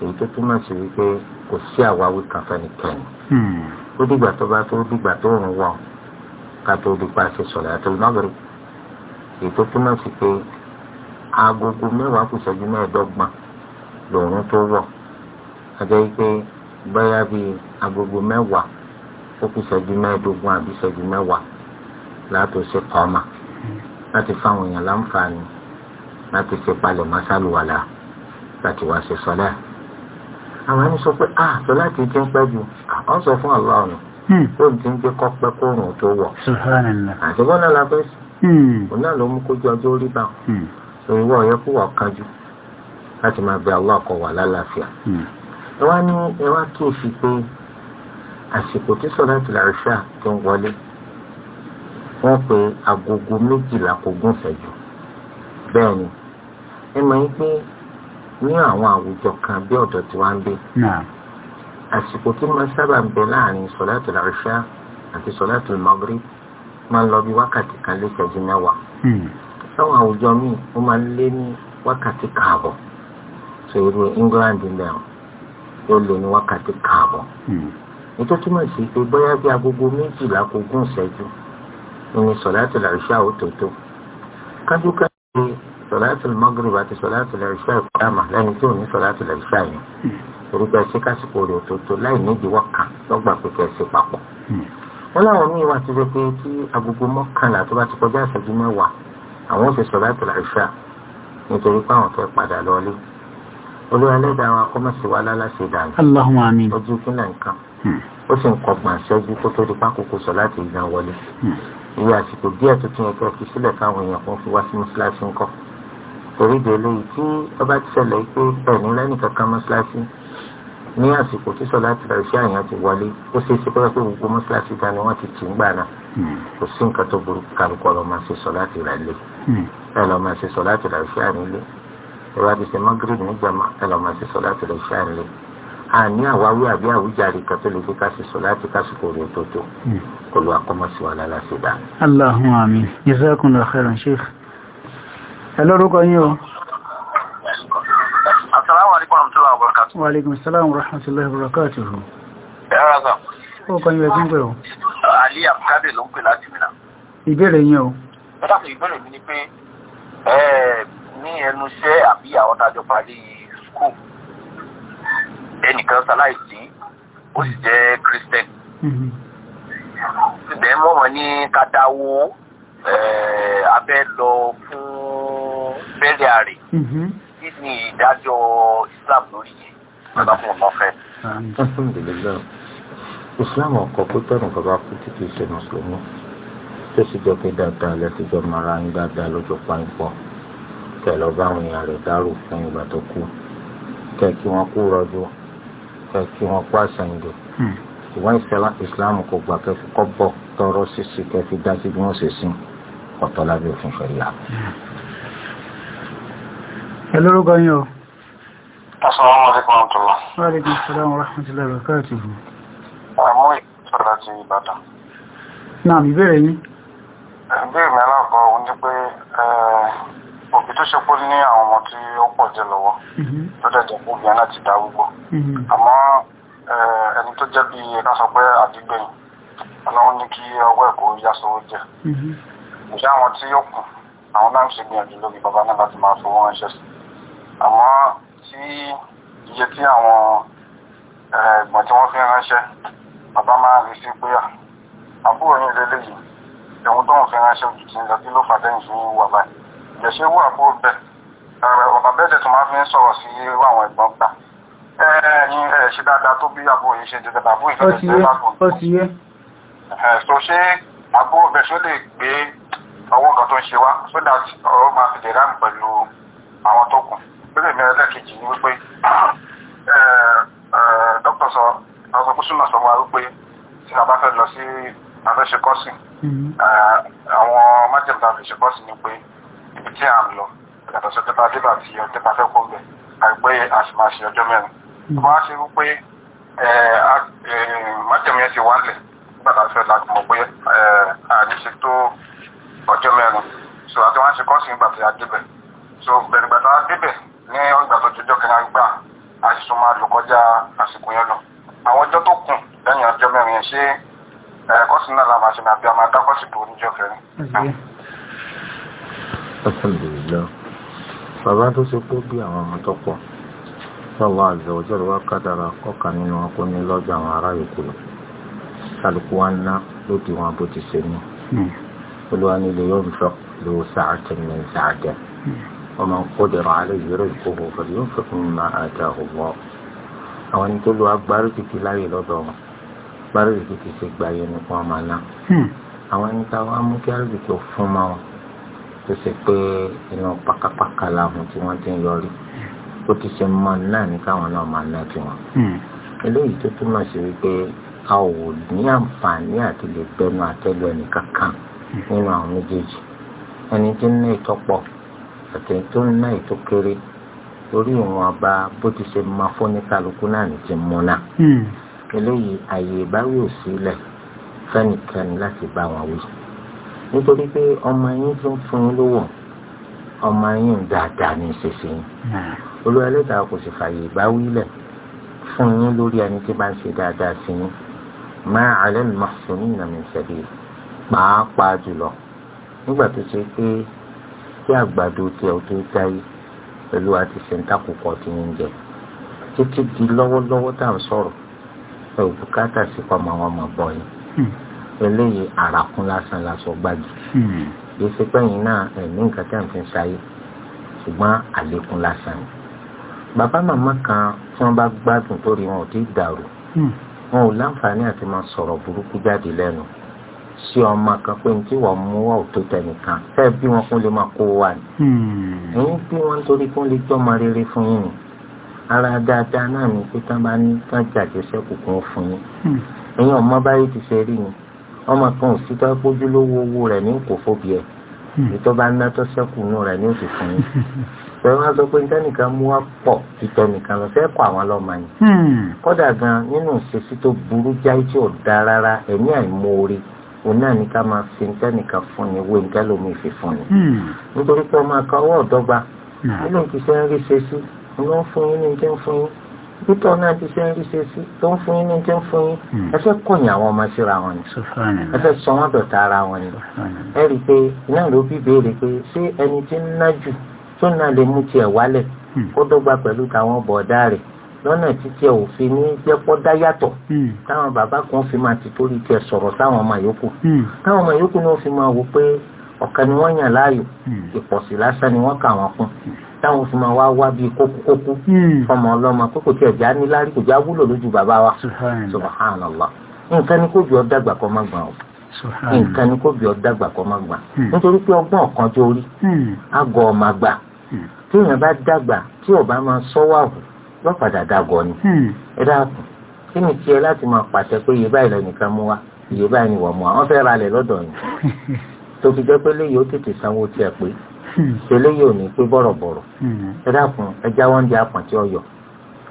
èyí tó túmọ̀ sí wípé kò sí àwáwí kan fẹ́nikẹ́ni ó dìgbà tó bá tó dìgbà tó àjẹ́ pé bóyá bíi agogo mẹ́wàá ó kù ìṣẹ́jú mẹ́ẹ̀ẹ́dógún àbí ìṣẹ́jú mẹ́wàá látò ṣe kọ́ọ̀mà láti fáwọn èèyàn láǹfààní láti ṣe palẹ̀ mọ́sálùwàlà láti wá ṣe sọ́lẹ̀. àwọn ẹni sọ pé ah tó láti ti ń pẹ́ ju àwọn sọ fún àlọ́ ọ̀nà tó hmm. ń ti ń gbé kọ́pẹ́ kóòrùn tó wọ̀. àtìgbọ́n náà la fẹ́ sùn hmm. òun náà ló mú kójú ọjọ́ orí bá òun hmm. ìwọ ọ̀yẹ́kùwọ̀ kanjú láti máa bẹ àwọn àkọwà lálàáfíà ẹ wá ní ẹ wá kíyèsí pé àsìkò tí sọ̀láàtì làrúṣà ti ń wọlé wọ́n pe agogo méjìlá kò gún ìṣẹ́jú bẹ́ẹ̀ ni ẹ mọ̀ yín pé ní àwọn àwùjọ kan bí ọ̀dọ̀ tí wọ́n ń gbé àsìkò tí máa sábà ń bẹ láàrin sọ̀láàtì làrúṣà àti sọ̀láàtì mọ́gírí máa ń lọ bí wákàtí kan lé ìṣẹ́jú mẹ́wàá sáwọn hmm. àwùjọ míì ó máa ń lé ní wákàtí kààbọ̀ sọ irú England ń yóò lò ní wákàtí kààbọ̀ hmm. nítorí túmọ̀ sí pé bóyá bí agogo méjìlá kò gún ìṣẹ́jú ìní sọ̀láàtì làṣà ó tòótó kájúká ṣe sọ̀láàtì magrib àti sọ̀láàtì làṣà ìpàmà lẹ́ni tí ò ní sọ̀láàtì làṣà yẹn hmm. orúkọ ẹṣẹ́ kásìkò rẹ̀ tòótó láì nídìí wọ́kà lọ́gbà pípẹ́ ẹṣẹ́ papọ̀ hmm. wọ́n láwọn míì wà ti rẹ pé tí agogo mọ́kànlá tó bá ti kọjá ìṣẹ́jú mẹ́wàá àwọn ò ṣe sọ̀láàtì làṣà nítorí pé àwọn fẹ́ padà lọ́ọ́lé olúwa ẹlẹ́dàá wa kọ́ mọ̀sí wa láláṣẹ dànù. Allahumma àmín. ojú kínà nǹkan hmm. ó sì ń kọgbọ̀n ṣẹ́jú kó tó di pákókó sọ láti ìgbà wọlé. Hmm. ìyá àsìkò díẹ̀ tó tún ẹjọ́ fi sílẹ̀ káwọn èèyàn kan fi wá sí mọ́ṣáláṣí ńkọ́. torí de eléyìí tí ọba ti ṣẹlẹ̀ pé ẹ̀mí lẹ́nìkan kan mọ́ṣáláṣí ní àsìkò tí sọ láti bẹ̀rẹ̀ àyàn ti wọlé ó ṣe é ṣe pé gbogbo mọ́ṣáláṣí ta ni wọ́n ti tì ń gbà náà hmm. kò sí nǹkan tó burú kálukọ́ lọ́ọ́ máa ṣe sọ láti rà àyàn lé ìwà ti ṣe mọ́gírìbì nígbà máa ẹ lọ́ọ́ máa ṣe sọ láti lè ṣe àìlè àní àwáwí àbí àwíjàre kan tó lè fi káṣí sọ láti kásìkò rẹ̀ tó tó hmm. kò lọ àkọ́mọ́sí wa lára ṣe dá. Allahumma amin jazakumullahu khairan sheikh. ẹ lórúkọ yín o. asalaamu alaykum wa rahmatulahi wa barakatuh. wa aleykum salaam wa rahmatulahi wa barakatuh. ẹ rà sà. ó kọ́ yín ẹ tún o. Ali Abdulkadir ló ń pè láti Mina. ìbéèrè yín o. ẹ dàpọ̀ ìbéèrè mi ni pé ní ẹnu iṣẹ́ àbí àwọn tájọ parí skul ẹnìkan ṣaláìsí ó sì jẹ́ christian mm-hmm. ṣùgbọ́n wọ́n mọ̀ ní kàdáwó eh, abẹ́ lọ fún bẹ́ẹ̀lì àrè mm-hmm. kí ni ìdájọ́ islam lórí yẹn bàbá fún ọmọ fẹ́. islam ọkọ̀ pípẹ́ nǹkan bá kú títí ṣe mùsùlùmí tó sì jọ pé dáadáa lẹ́sìn jọ mara ń dáadáa lójú pa ń pọ̀ tẹ̀ lọ bá àwọn èèyàn rẹ̀ dárò fún ìgbà tó kú kẹ́ kí wọ́n kú rọjò kẹ́ kí wọ́n kú àṣàyìndò hmm. ṣùgbọ́n ìsìláàmù kò gbà kẹ́ fi kọ́ tọrọ sísì kẹ́ fi dá sí bí wọ́n ṣe sìn ọ̀tọ̀ lábẹ́ òfin ṣẹlẹ̀ hmm. ẹ lórúkọ yín o. asalaamualeykum wa rahmatulah. wa aleykum wa rahmatulah wa barakatuhu. àmọ́ ìṣòro láti Ìbàdàn. náà ìbéèrè yín. ìbéèrè mi aláàbọ̀ òun ni pé òbí tó ṣe pé ní àwọn ọmọ tí ó pọ̀ jẹ lọ́wọ́ mhm. tó dẹ̀ jẹ́ pé obìnrin náà ti darúgbó mhm. àmọ́ eh, ẹni tó jẹ́ bí ẹ̀ka sọ pé àdígbẹ̀yìn ọlọ́run ní kí ọwọ́ ẹ̀kọ́ yá sówó mhm. jẹ́ ìṣẹ́ àwọn tí ó kù àwọn náà ń ṣe gbìyànjú lórí bàbá náà láti máa fowó ránṣẹ́ sí àmọ́ tí iye tí àwọn eh, ẹ̀gbọ́n tí wọ́n fi ránṣẹ́ bàbá máa rí sí pé àbúrò ní ilé lẹ́yìn tó ń fi ránṣẹ́ òtútù ń lọ kí ló fà ìṣe wà kó bẹ̀ ọ̀nà bẹ́ẹ̀ tó máa fi ń sọ̀rọ̀ sí àwọn ẹ̀gbọ́n gbà ẹ̀yin ẹ̀ ṣe dáadáa tó bí àbò yìí ṣe dẹ̀dẹ̀ bàbú ìfẹ́ so ṣé àbò ọbẹ̀ ṣó lè gbé ọwọ́ kan tó ń ṣe wá so that ọ̀rọ̀ máa fi lè ráàmù pẹ̀lú àwọn tó kù lórí mi ẹlẹ́kejì ni wípé dókítà sọ àwọn kúsùnà sọ wá wípé tí a bá fẹ́ lọ sí afẹ́ṣekọ́sìn mm-hmm. pé ibi tí à ń lọ yàtọ̀ sí tẹ́pà tẹ́pà tí ọ tẹ́pà fẹ́ kó bẹ̀ àìpé àṣìmáṣe ọjọ́ mẹ́rin tó hmm. máa ṣe wípé májèmí ẹ ti wá lẹ̀ nígbàtà fẹ́ láti mọ̀ pé àníṣe tó ọjọ́ mẹ́rin so àti wọ́n ṣe kọ́sìn ìgbà tí a débẹ̀ so bẹ̀rẹ̀gbà tá a débẹ̀ ní ìgbà tó jọjọ́ kẹrin gbà a sì tún máa lò kọjá àsìkò yẹn lọ àwọn ọjọ́ tó kù lẹ́yìn ọjọ́ mẹ́rin ṣé kọ́sìn náà la máa ṣe ní àbí a máa dá kọ́sìn tó oníjọ́ kẹrin alhamdulillah bàbá tó ṣe pé bí àwọn ọmọ tó pọ̀ lọ́wọ́ àzẹ̀wọ̀jọ́ ló wá kádàrà kọ́kà nínú wọn kó ní lọ́jọ́ àwọn ará yòókù lọ kálukú wa ná lóde wọn bó ti ṣe ní hmm. olúwa nílé yóò ń fọ́ ló sàátẹ̀ ní sàátẹ̀ hmm. ọmọ kódìrọ̀ alẹ́ ìyẹ́rọ ìkókò pẹ̀lú yóò fẹ́ fún mi máa àjà òwò àwọn ẹni tó lu agbárí kìkì láyè lọ́dọ̀ wọn agbárí kìkì ti ṣe gbàyẹnu fún ọmọ náà hmm. àwọn ẹni táwọn amúkẹ́rì kìkì fún máa wọn tó ṣe pé inú pákápáká làwọn tí wọ́n ti ń yọrí ó ti ṣe mọ́ náà ní káwọn náà máa ná tiwọn. Hmm. eléyìí tó túmọ̀ sí wípé a ò ní àǹfààní àti lè gbẹnu àtẹ́lu ẹnì kankan hmm. nínú àwọn méjèèjì ẹni tó ná ìtọ́pọ̀ àti ẹni tó ná ètò kéré lórí ìwọ̀n ọba bó ti ṣe máa fún ní kálukú náà ní ti mú náà. Hmm. eléyìí àyè ìbáwí ò fẹ́nìkan láti bá wọn wí nítorí pé ọmọ yín tó ń fún yín lówó ọmọ yín dáadáa ní ìṣẹ̀ṣẹ̀ yín olú ẹlẹ́dàá kò sì fààyè ìbáwílẹ̀ fún yín lórí ẹni tí bá ń ṣe dáadáa sí yín máa alẹ́ ní màsùnmí ìnàmì ìṣẹ̀lẹ̀ pàápàá jùlọ nígbà tó ṣe pé kí àgbàdo tí ẹ tó dáyé pẹ̀lú àti ṣèǹtàkùkọ tí ń jẹ títí di lọ́wọ́lọ́wọ́ tá à ń sọ̀rọ̀ ẹ̀ òbúkátà sí pàmò àwọn ọmọ bọ̀ yìí. Hmm eléyìí àràkún lásán lásán gbájú yìí hmm. ṣe pẹ́yìn náà ẹ̀mí nǹkan tí à ń fi ṣayé ṣùgbọ́n àlékún lásán ni bàbá màmá kan tí wọ́n bá gbádùn tó rí wọn ò tí ì dàrú hmm. wọn ò láǹfààní àti máa sọ̀rọ̀ burúkú jáde lẹ́nu sí ọmọ kan pé ní tí wọ́n mú wà ó tó tẹnìkan fẹ́ bí wọn kún lè máa kó wà ní. Hmm. ẹ̀yin bí wọ́n torí kún lè gbọ́ ọmọ rere fún yín ni ara dáadáa náà ni pé tán bá ní tán jàjẹsẹ́kù kún fún yín. ẹ̀yin ọmọ báyìí ti ṣe rí ni ọmọ kan òsì tó kójú lówó owó rẹ̀ ní kò fóbi ẹ̀ ètò bá ná tó sẹ́kù nù rẹ̀ ní òsì fún yín pẹ̀lú wọn sọ pé nítẹ́nìkan mú wá pọ̀ títọ́ nìkan lọ fẹ́ kọ́ àwọn lọ́mọ yìí hmm. kódà gan nínú ìṣesí tó burú jáì tí ò dá rárá ẹ̀mí àìmoore òun náà ní ká máa fi nítẹ́nìkan fún ni wé nítẹ́lómi ìfì fún ni hmm. nítorí pé ọmọ akọ ọwọ́ ọ̀dọ́gba nínú hmm. ìkíṣẹ́ ń rí ṣe sí ló ń fún yín ní kí fún yín títọ́ náà ti ṣe ń rí ṣe sí tó ń fún yín ní tí ń fún yín hmm. ẹ fẹ́ kọ̀yìn àwọn ọmọ síra wọn ni ẹ fẹ́ sọ wọ́n dọ̀tá ara wọn ni ẹ rí i pé iná ló bí béèrè pé ṣé ẹni tí ń ná jù tó náà lè mú tiẹ̀ wálẹ̀ kó hmm. dọ́gba pẹ̀lú táwọn bọ̀ọ̀dá rẹ̀ lọ́nà títí ẹ̀ òfin ní jẹ́pọ́ dá yàtọ̀ hmm. táwọn bàbá kan fi máa ti torí tiẹ̀ sọ̀rọ̀ táwọn ọmọ yòókù táwọn ọmọ yòókù náà fi máa wò pé ọ̀kan ni wọ́n yàn láàyò ìpọ̀sí lásán ni wọ́n kà wọ́n kún táwọn fún ma wá wá bíi kókókókó hmm. fọmọ ọlọ́mọ kókò tí ọjà ní lárí kò já wúlò lójú bàbá wa subhanallah nǹkan ni kó jù ọ dàgbà kọ́ má gbà ọ nǹkan ni kó jù ọ dàgbà kọ́ má gbà hmm. nítorí pé ọgbọ́n ọ̀kan tó rí àgọ́ hmm. ọmọ àgbà tí èèyàn bá dàgbà tí ọba máa sọ́wọ́ àwò lọ́padà dàgọ́ ni ẹ dákun kí ni tiẹ̀ láti máa pàṣẹ pé iye báyìí lọ nìkan mú wa iye báyìí ni wọ́n mú wa wọ́n fẹ́ ra lẹ̀ lọ́dọ̀ yìí tó fi jẹ́ pé léyìí ó tètè sanwó tiẹ̀ pé ṣẹlẹ̀ yóò ní pé bọ̀rọ̀bọ̀rọ̀ hmm. ẹ dákun ẹ já wọn jẹ àpàtì ọyọ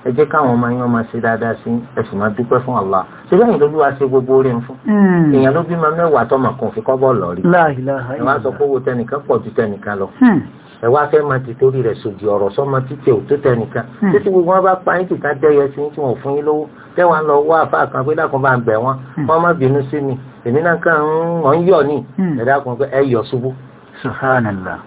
ẹ jẹ́ káwọn ọmọ yín ọmọ ṣe dáadáa sí ẹ sì máa dúpẹ́ fún Allah ṣé lẹ́yìn lójú wa ṣe gbogbo oore ń fún hmm. èèyàn ló bímọ mẹ́wàá tọmọ kan fi kọ́bọ̀ lọ rí ẹ wá sọ pé owó tẹnìkan pọ̀ ju tẹnìkan lọ hmm. ẹ wá fẹ́ máa ti torí rẹ̀ sòdì ọ̀rọ̀ sọ́mọ títí ò tó tẹnìkan títí gbogbo wọn bá pa yín tìka dẹ́yẹ sí tí wọn ò fún yín lówó tẹ́wọ̀n lọ wá àfa kan pé dákun bá ń bẹ̀ wọ́n wọ́n má bínú sí mi èmi náà kàn ń yọ̀ ní ẹ̀dá kan pé ẹ yọ̀ ṣubú. subhanallah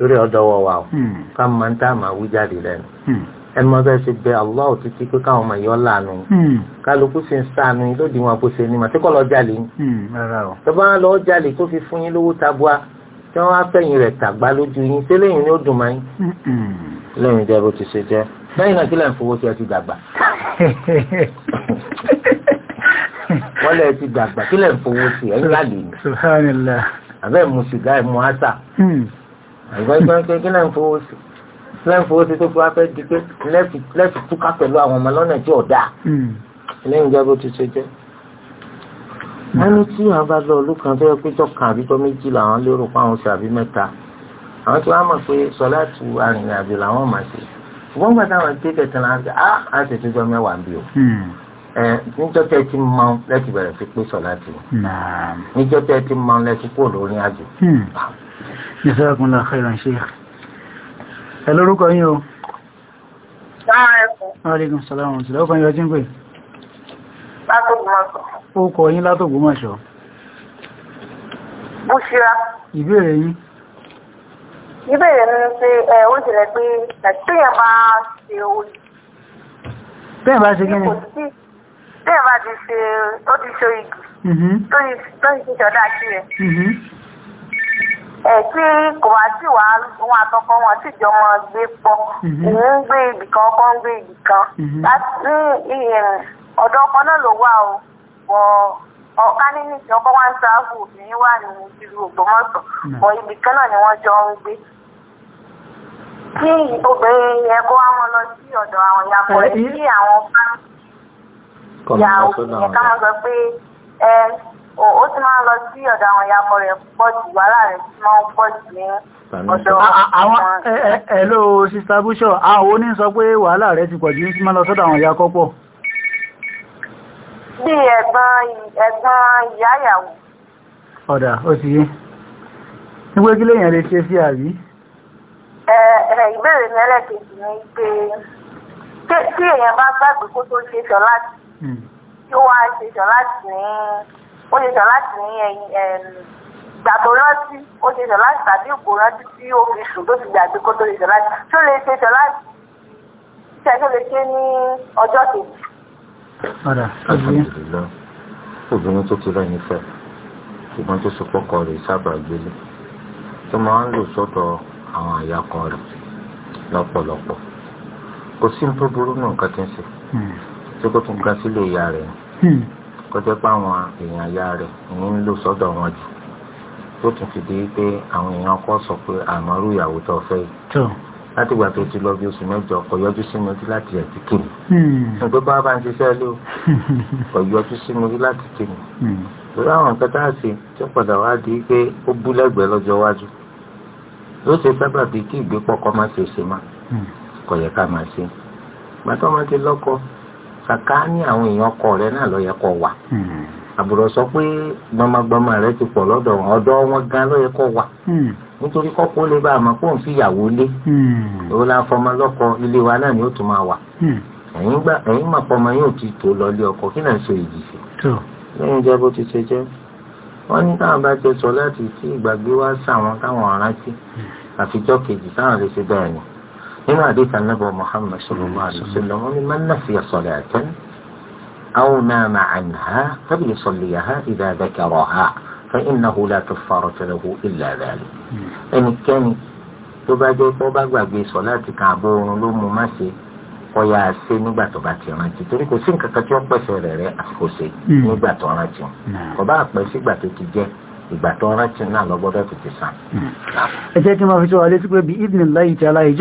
torí ọ̀dọ́wọ́ wa o hmm. ká máa ń tá máa wí jáde lẹ́nu hmm. ẹ mọ bẹ́ẹ̀ ṣe bẹ Allah títí pé káwọn ọmọ yọ láàánú hmm. kálukú sì ń sànú lóde wọn bó ṣe ni mà tí kò lọ jalè ní. tó bá lọ jalè tó fi fún yín lówó tabua tí wọ́n á fẹ̀yìn rẹ̀ tàgbá lójú yín ṣé lẹ́yìn ni ó dùn máa yín. lẹ́yìn jẹ́ bó ti ṣe jẹ́ lẹ́yìn náà kí lẹ́yìn fowó tí ẹ ti dàgbà wọ́n lẹ́yìn ti dàgbà kí lẹ́yìn fowó tí ẹ ń lálẹ́ yìí. abẹ́ mu sìgá ẹ̀ mu ásà àgbẹ̀gbẹ̀ pé kí náà ń fowó sí lẹ́yìn fowó sí tó fi wá fẹ́ di pé lẹ́ẹ̀fì túká pẹ̀lú àwọn ọmọ lọ́nà tí ò dáa hmm. lẹ́yìn ìjọba bó ti ṣe jẹ́. wọ́n ní tí àwọn bá lọ ìlú kan tó yẹ pé tọkàn àbíkọ́ méjì làwọn lérò pé àwọn ṣàbí mẹ́ta àwọn tí wọ́n mọ̀ pé sọ́láàtù arìnrìn-àjò làwọn máa ṣe ṣùgbọ́n gbàdá àwọn tí kẹ̀kẹ́ náà ṣe mẹ́wàá Jazakumullahu khairan Sheikh. Ẹ lórúkọ yín o. Alaikum salaam ọ̀tí lọ́kọ̀ yín ọjí ń pè. Ó kọ̀ yín látògbómọ̀ṣọ́. Bó ṣíra. Ìbéèrè yín. Ìbéèrè mi ṣe ẹ̀ ṣe mm-hmm. ẹ̀. Mm-hmm. ẹ tí kò wá tí wàá wọn àtọkọ wọn tí jọ máa gbé pọ̀ mhm. òun gbé ibì kan ọkọ ń gbé ibì kan mhm. láti ní ọ̀dọ̀ ọkọ náà ló wà o bọ ọkọ ń wà ní ìlú Ògbómọ̀ṣọ́ mhm. ibì kan náà ni yẹn kó sọ pé ó ti máa ń lọ sí ọ̀dọ̀ àwọn ìyàpọ̀ rẹ̀ pọ̀ jù wàhálà rẹ̀ ti máa ń pọ̀ jù ní ọ̀dọ̀ àwọn ẹ̀lò sista búṣọ̀ àwọn oní sọ pé wàhálà rẹ̀ ti pọ̀ jù ní máa sọ́dọ̀ àwọn ìyá kọ́pọ̀ bí ẹ̀gbọ́n ìyá ìyàwó ọ̀dà ó ti yé nígbé kí lèèyàn lè ṣe sí àbí ìbéèrè ó ṣe sọ láti ní ẹyin ìgbà tó rántí ó ṣe sọ láti tàbí òkú rántí tí ó fi sùn tó ti gbàgbé kó tó ṣe sọ láti tó lè ṣe sọ láti ṣe tó lè ṣe ní ọjọ́ kejì. padà alhamdulilayi obìnrin tó ti lẹ́yìn fẹ́ ṣùgbọ́n tó ṣe pọ́kọ rẹ̀ sábà gbélé tó máa ń lò sọ́dọ̀ àwọn àyàkọ rẹ̀ lọ́pọ̀lọpọ̀ kò sí ní tó burú náà nǹkan tí ń ṣe tí hmm. kò tún ga sílé ìyá rẹ̀ ni. Hmm kọjá pé àwọn èèyàn ya rẹ̀ ní ń lò sọ́dọ̀ wọn jù tó tún fi di pé àwọn èèyàn kọ́ sọ pé àmọ́ rú ìyàwó tó fẹ́ yìí láti ìgbà tó ti lọ bí oṣù mẹ́jọ kò yọjú sí mi láti ẹ̀ ti kìnnì nígbà hmm. bá bá ń ṣiṣẹ́ ló kò yọjú sí mi láti kìnnì lórí hmm. àwọn nǹkan tá a ṣe tí ó padà wá di pé ó bú lẹ́gbẹ̀ẹ́ lọ́jọ́ iwájú ló ṣe sábà bíi kí ìgbépọ̀ kọ́ má ṣe ṣe má hmm. kò yẹ ká máa ṣe gbàtọ́ máa ti lọ́kọ ní àwọn èèyàn ọkọ rẹ náà lọ yẹ kó wà hmm. àbùrọ̀ sọ pé gbọmọgbọmọ rẹ ti pọ̀ lọ́dọ̀ ọ̀dọ́ wọn gan ló yẹ kó wà hmm. nítorí kọ́kọ́ lè bá àmọ́ pòun sí ìyàwó lé òun hmm. la fọmọ lọ́kọ ilé wa náà ni ó tún máa wà ẹ̀yìn mà fọmọ yóò ti tó lọ lé ọkọ kí náà ṣe èyí sí lẹ́yìn jẹ́ bó ti ṣe jẹ́ wọ́n ní táwọn bá jẹ sọ láti tí ìgbàgbé wá sáwọn táwọn nínú àdéhùn anábọ Muhammad sallallahu alaihi wasallam wọn ni man nasiya salatan aw nama anha falyusalliha idha dhakaraha fa innahu la kafarata lahu illa dhalik ẹnikẹ́ni tó bá jẹ́ kó bá gbàgbé sọ láti kan àbọ̀ oorun ló mú má ṣe ọyà ṣe nígbà tó bá ti rántí torí kò sí nǹkan kan tí wọ́n pèsè rẹ̀ rẹ̀ àkóso hmm. nígbà tó rántí kò bá pẹ́ sígbà tó ti jẹ́ ìgbà tó rántí náà lọ gbọ́dọ̀ tètè sàn. ẹ jẹ́ kí n máa fi tó wa létí pé bí ìdìní láyé tí aláyé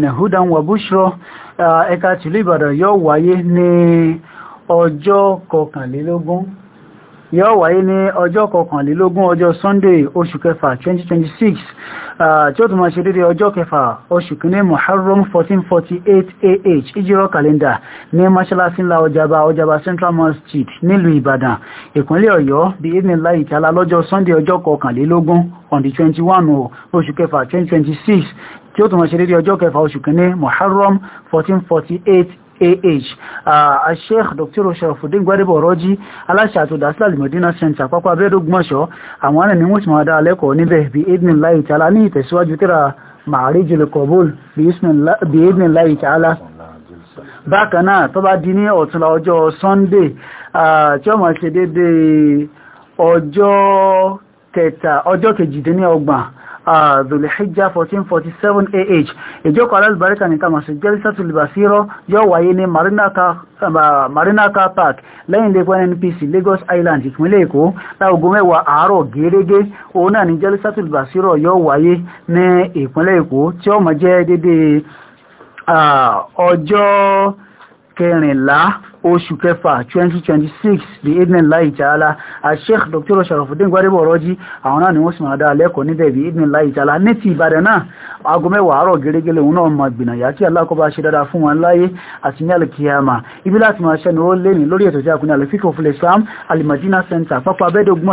ní hudan wa bushro ẹ̀ka tìlú ìbàdàn yóò wáyé ní ọjọ́ kọkànlélógún yóò wáyé ní ọjọ́ kọkànlélógún ọjọ́ sunday oṣù kẹfà 2026 tí ó tún máa ṣe dédé ọjọ́ kẹfà oṣù kìíní muharram 1448 ah ìjírọ̀ kalenda ní mọ́ṣáláṣí ńlá ọjàba ọjàba central masjid nílùú ìbàdàn ìpínlẹ̀ ọ̀yọ́ bí evening ńlá ìtàlá lọ́jọ́ sunday ọjọ́ kọkànlélógún on the 21 oṣù kẹfà 2026 tí ó tún máa ṣe dédé ọjọ́ kẹfà oṣù kìíní muharram 1448 ah sheikh dr sharafuddin gbadebo ọ̀rọ́jí aláṣẹ àtòdásílẹ̀ alimọ̀dínà center pápá abẹ́dógbọ̀nṣọ́ àwọn àna ni wọ́n ti máa dá alẹ́kọ̀ọ́ níbẹ̀ bí edmund láì tààlà ní ìtẹ̀síwájú tíra ma'arijul qabul bí edmund láì tààlà bákan tó bá di ní ọ̀túnla ọjọ́ sunday ah, tí ó máa ṣe déédéé ọjọ́ kẹta zulhijjah 1447 forty seven ah ìjókòó alálùbáríkà ní tamasi jalisatul basiro yóò wáyé ní marinaka park lẹ́yìn lẹ́kọ́ NPC lagos island ìpínlẹ̀ èkó láago mẹ́wàá àárọ̀ gẹ́gẹ́ òun náà ní jalisatul basiro yóò wáyé ní ìpínlẹ̀ èkó tí ó máa jẹ́ déédéé ọjọ́ kẹrìnlá oṣù kẹfà 2026 evening light ta'ala Sheikh Dr. Sharafuddin Gbadebo Ọ̀rọ̀jí àwọn náà ni wọ́n sì máa dá lẹ́kọ̀ọ́ níbẹ̀ bí idnillahi ta'ala ní ti Ìbàdàn náà aago mẹ́wàá àárọ̀ gẹ́gẹ́lẹ́ òun náà máa gbìnà yá tí alákọ̀ọ́bá ṣe dáadáa fún wọn láyé àti ní alìkìyàmà ibi láti máa ṣẹ́ni ó lé ní lórí ètò tí a kún ní alifíkò Islam al Center pápá abẹ́dógún